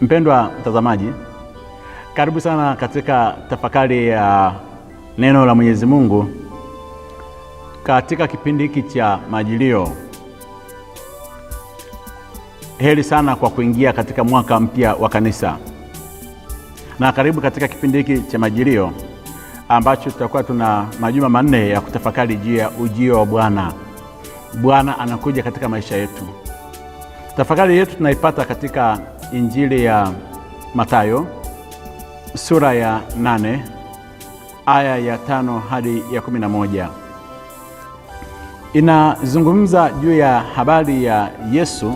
Mpendwa mtazamaji, karibu sana katika tafakari ya neno la Mwenyezi Mungu katika kipindi hiki cha Majilio. Heri sana kwa kuingia katika mwaka mpya wa kanisa, na karibu katika kipindi hiki cha Majilio ambacho tutakuwa tuna majuma manne ya kutafakari juu ya ujio wa Bwana. Bwana anakuja katika maisha yetu. Tafakari yetu tunaipata katika Injili ya matayo sura ya nane aya ya tano hadi ya kumi na moja inazungumza juu ya habari ya Yesu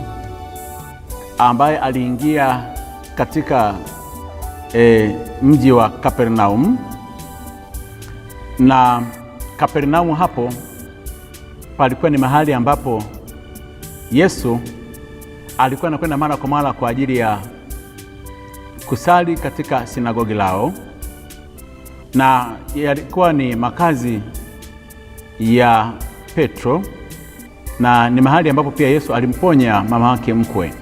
ambaye aliingia katika e, mji wa Kapernaum na Kapernaum hapo palikuwa ni mahali ambapo Yesu alikuwa anakwenda mara kwa mara kwa ajili ya kusali katika sinagogi lao, na yalikuwa ni makazi ya Petro na ni mahali ambapo pia Yesu alimponya mama wake mkwe.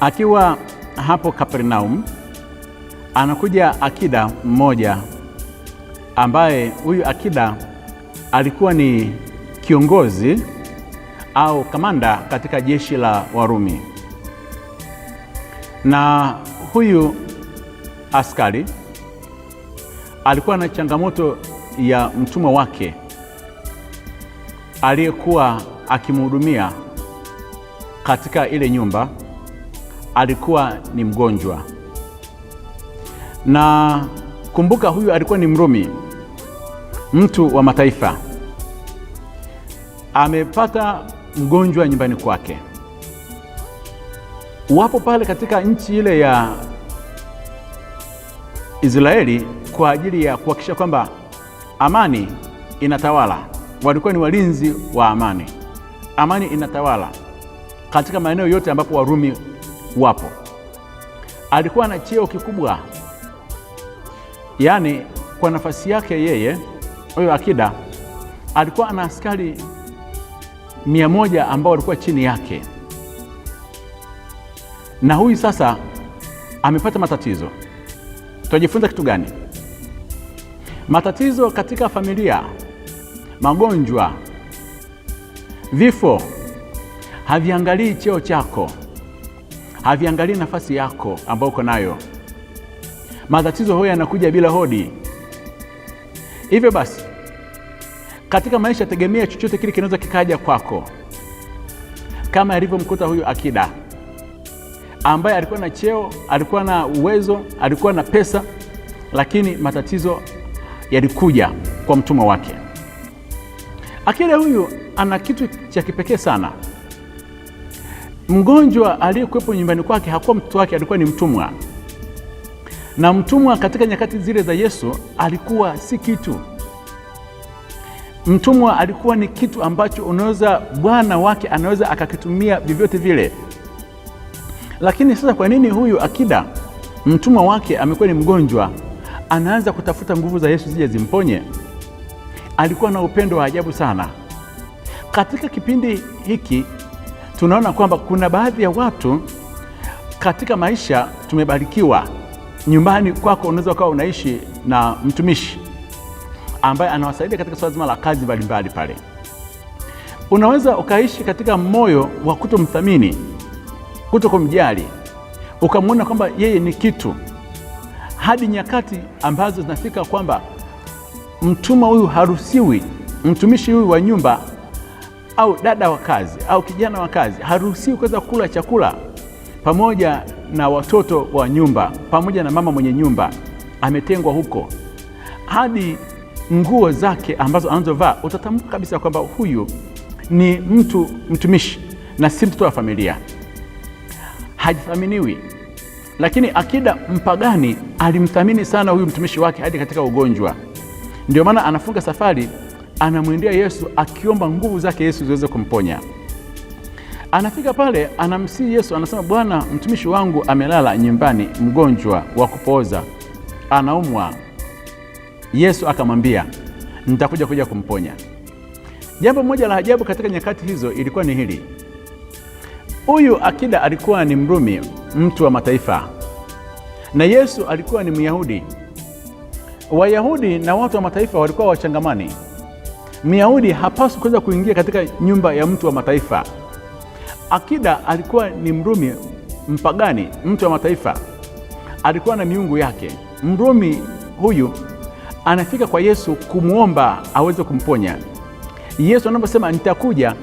Akiwa hapo Kapernaum, anakuja akida mmoja ambaye huyu akida alikuwa ni kiongozi au kamanda katika jeshi la Warumi. Na huyu askari alikuwa na changamoto ya mtumwa wake aliyekuwa akimhudumia katika ile nyumba, alikuwa ni mgonjwa. Na kumbuka, huyu alikuwa ni Mrumi, mtu wa mataifa, amepata mgonjwa nyumbani kwake. Wapo pale katika nchi ile ya Israeli kwa ajili ya kuhakikisha kwamba amani inatawala. Walikuwa ni walinzi wa amani, amani inatawala katika maeneo yote ambapo Warumi wapo. Alikuwa na cheo kikubwa, yaani kwa nafasi yake yeye, huyo akida alikuwa ana askari mia moja ambao walikuwa chini yake, na huyu sasa amepata matatizo. Tunajifunza kitu gani? Matatizo katika familia, magonjwa, vifo haviangalii cheo chako, haviangalii nafasi yako ambayo uko nayo. Matatizo huyo yanakuja bila hodi. Hivyo basi katika maisha tegemea chochote kile kinaweza kikaja kwako, kama alivyomkuta huyu Akida ambaye alikuwa na cheo, alikuwa na uwezo, alikuwa na pesa, lakini matatizo yalikuja kwa mtumwa wake. Akida huyu ana kitu cha kipekee sana. Mgonjwa aliyekuwepo nyumbani kwake hakuwa mtoto wake, alikuwa ni mtumwa, na mtumwa katika nyakati zile za Yesu alikuwa si kitu. Mtumwa alikuwa ni kitu ambacho unaweza bwana wake anaweza akakitumia vyovyote vile. Lakini sasa, kwa nini huyu akida mtumwa wake amekuwa ni mgonjwa, anaanza kutafuta nguvu za Yesu zije zimponye? Alikuwa na upendo wa ajabu sana. Katika kipindi hiki tunaona kwamba kuna baadhi ya watu katika maisha tumebarikiwa. Nyumbani kwako unaweza ukawa unaishi na mtumishi ambaye anawasaidia katika swala zima la kazi mbalimbali pale. Unaweza ukaishi katika moyo wa kutomthamini, kuto kumjali, ukamwona kwamba yeye ni kitu, hadi nyakati ambazo zinafika kwamba mtumwa huyu haruhusiwi, mtumishi huyu wa nyumba au dada wa kazi au kijana wa kazi haruhusiwi kuweza kula chakula pamoja na watoto wa nyumba, pamoja na mama mwenye nyumba, ametengwa huko hadi nguo zake ambazo anazovaa, utatamka kabisa kwamba huyu ni mtu mtumishi na si mtoto wa familia, hajithaminiwi. Lakini akida mpagani alimthamini sana huyu mtumishi wake hadi katika ugonjwa. Ndio maana anafunga safari, anamwendea Yesu akiomba nguvu zake Yesu ziweze kumponya. Anafika pale, anamsii Yesu, anasema, Bwana, mtumishi wangu amelala nyumbani, mgonjwa wa kupooza, anaumwa Yesu akamwambia, nitakuja kuja kumponya. Jambo moja la ajabu katika nyakati hizo ilikuwa ni hili: huyu akida alikuwa ni Mrumi, mtu wa mataifa, na Yesu alikuwa ni Myahudi. Wayahudi na watu wa mataifa walikuwa wachangamani. Myahudi hapaswi kuweza kuingia katika nyumba ya mtu wa mataifa. Akida alikuwa ni Mrumi, mpagani, mtu wa mataifa, alikuwa na miungu yake. Mrumi huyu anafika kwa Yesu kumwomba aweze kumponya. Yesu anaposema nitakuja,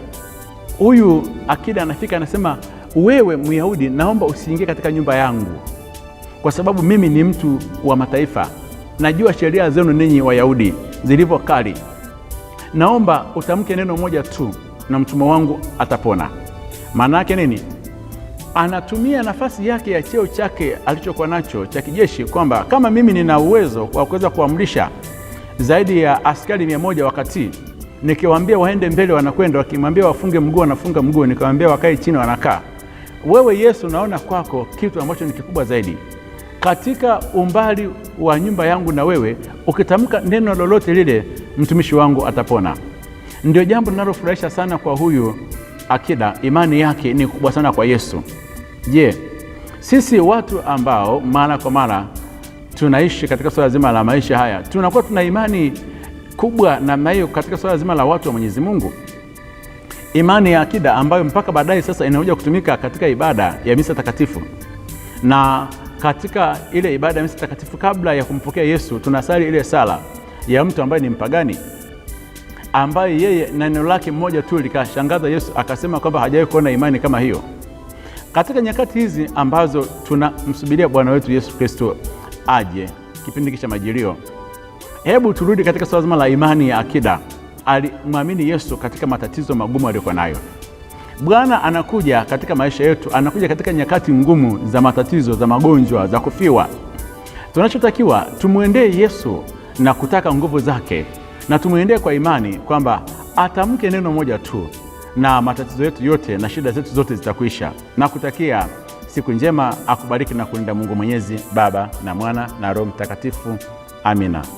huyu akida anafika anasema, wewe Myahudi, naomba usiingie katika nyumba yangu, kwa sababu mimi ni mtu wa mataifa, najua sheria zenu ninyi Wayahudi zilivyo kali. Naomba utamke neno moja tu na mtumwa wangu atapona. Maana yake nini? anatumia nafasi yake ya cheo chake alichokuwa nacho cha kijeshi, kwamba kama mimi nina uwezo wa kuweza kuamrisha zaidi ya askari mia moja wakati nikiwaambia waende mbele wanakwenda, wakimwambia wafunge mguu wanafunga mguu, nikiwaambia wakae chini wanakaa. Wewe Yesu, naona kwako kitu ambacho ni kikubwa zaidi katika umbali wa nyumba yangu na wewe, ukitamka neno lolote lile, mtumishi wangu atapona. Ndio jambo linalofurahisha sana kwa huyu akida, imani yake ni kubwa sana kwa Yesu. Je, sisi watu ambao mara kwa mara tunaishi katika swala zima la maisha haya tunakuwa tuna imani kubwa namna hiyo katika swala zima la watu wa Mwenyezi Mungu, imani ya akida ambayo mpaka baadaye sasa inakuja kutumika katika ibada ya misa takatifu na katika ile ibada ya misa takatifu, kabla ya kumpokea Yesu tunasali ile sala ya mtu ambaye ni mpagani, ambaye yeye na neno lake mmoja tu likashangaza Yesu, akasema kwamba hajawahi kuona imani kama hiyo. Katika nyakati hizi ambazo tunamsubiria Bwana wetu Yesu Kristo aje, kipindi hiki cha Majilio, hebu turudi katika suala zima la imani ya akida. Alimwamini Yesu katika matatizo magumu aliyokuwa nayo. Bwana anakuja katika maisha yetu, anakuja katika nyakati ngumu za matatizo, za magonjwa, za kufiwa. Tunachotakiwa tumwendee Yesu na kutaka nguvu zake, na tumwendee kwa imani kwamba atamke neno moja tu na matatizo yetu yote na shida zetu zote zitakwisha. Na kutakia siku njema, akubariki na kulinda Mungu Mwenyezi, Baba na Mwana na Roho Mtakatifu. Amina.